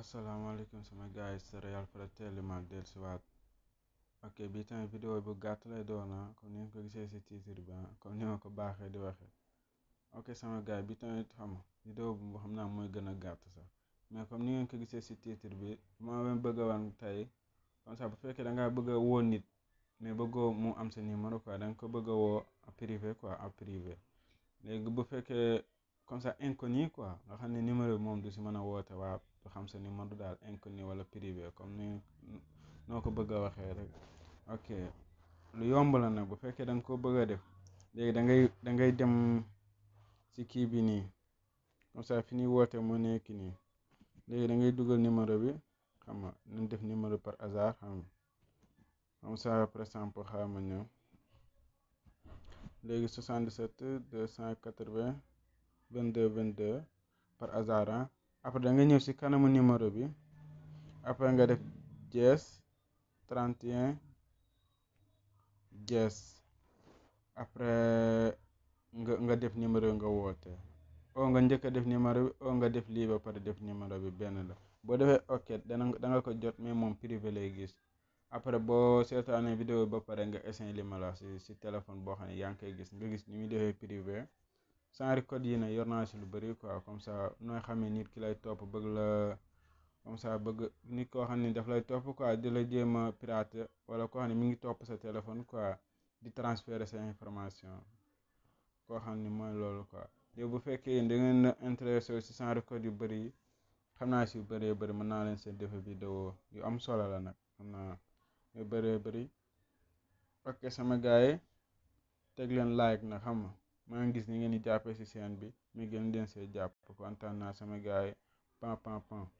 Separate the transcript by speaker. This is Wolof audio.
Speaker 1: asalaamaaleykum sama gars yi c'est Réal Fada teel ma del siwaat ok bi tamit vidéo bu gàtt lay doona ah, comme ni nga ko gisee si titre bi ah, comme ni ma ko baaxee di waxee ok sama gars bi tamit xam vidéo bu xam naa mooy gën a gàtt sax mais comme ni ngeen ko gisee si titre bi ma leen bëgg a wan tey comme ça bu fekkee dangaa bëgg a woo nit mais bëggoo mu am sa numéro quoi da nga ko bëgg a woo privé quoi en privé léegi bu fekkee comme ça inconnu quoi nga xam ne numéro bi moom du si mën a woote waa du xam sa ni numéro daal inconnu wala privé comme ni noo ko bëgg a waxee rek ok lu yomb la nag bu fekkee da nga ko bëgg a def léegi dangay ngay da ngay dem si kii bi nii comme ça fi ñuy woote moo nekk nii léegi da ngay dugal numéro bi xam nga nañ def numéro par hasard xam nga comme ça par exemple xaama ñëw léegi cent quatre 280 22 22 par hasard ah après da nga ñëw si kanamu numéro bi après nga def jees 31 jees après nga nga def numéro nga woote oo oh, nga njëkk def numéro bi o oh, nga def lii ba par def numéro bi benn la boo defee ok dana da nga ko jot mais moom privé lay gis après boo seetaanee vidéo ba pare nga essayer li si si téléphone boo xam ne yaa ngi koy gis nga gis ni muy defee privé genre code yi na yor naa si lu bëri quoi comme ça nooy xamee nit ki lay topp bëgg la comme ça bëgg nit koo xam ne daf lay topp quoi di la jéem a pirate wala koo xam ne mi ngi topp sa téléphone quoi di transférer sa information koo xam ni mooy loolu quoi léegi bu fekkee da ngeen intéressé si genre code yu bëri yi xam naa si yu bëree bëri mën naa leen seen defe vidéo yu am solo la nag xam naa yu bëree bëri ok sama gars yi teg leen like na xam maa ngi gis ni ngeen di jàppee si seen bi mais gën leen see jàpp kontaan naa sama gars yi pan pan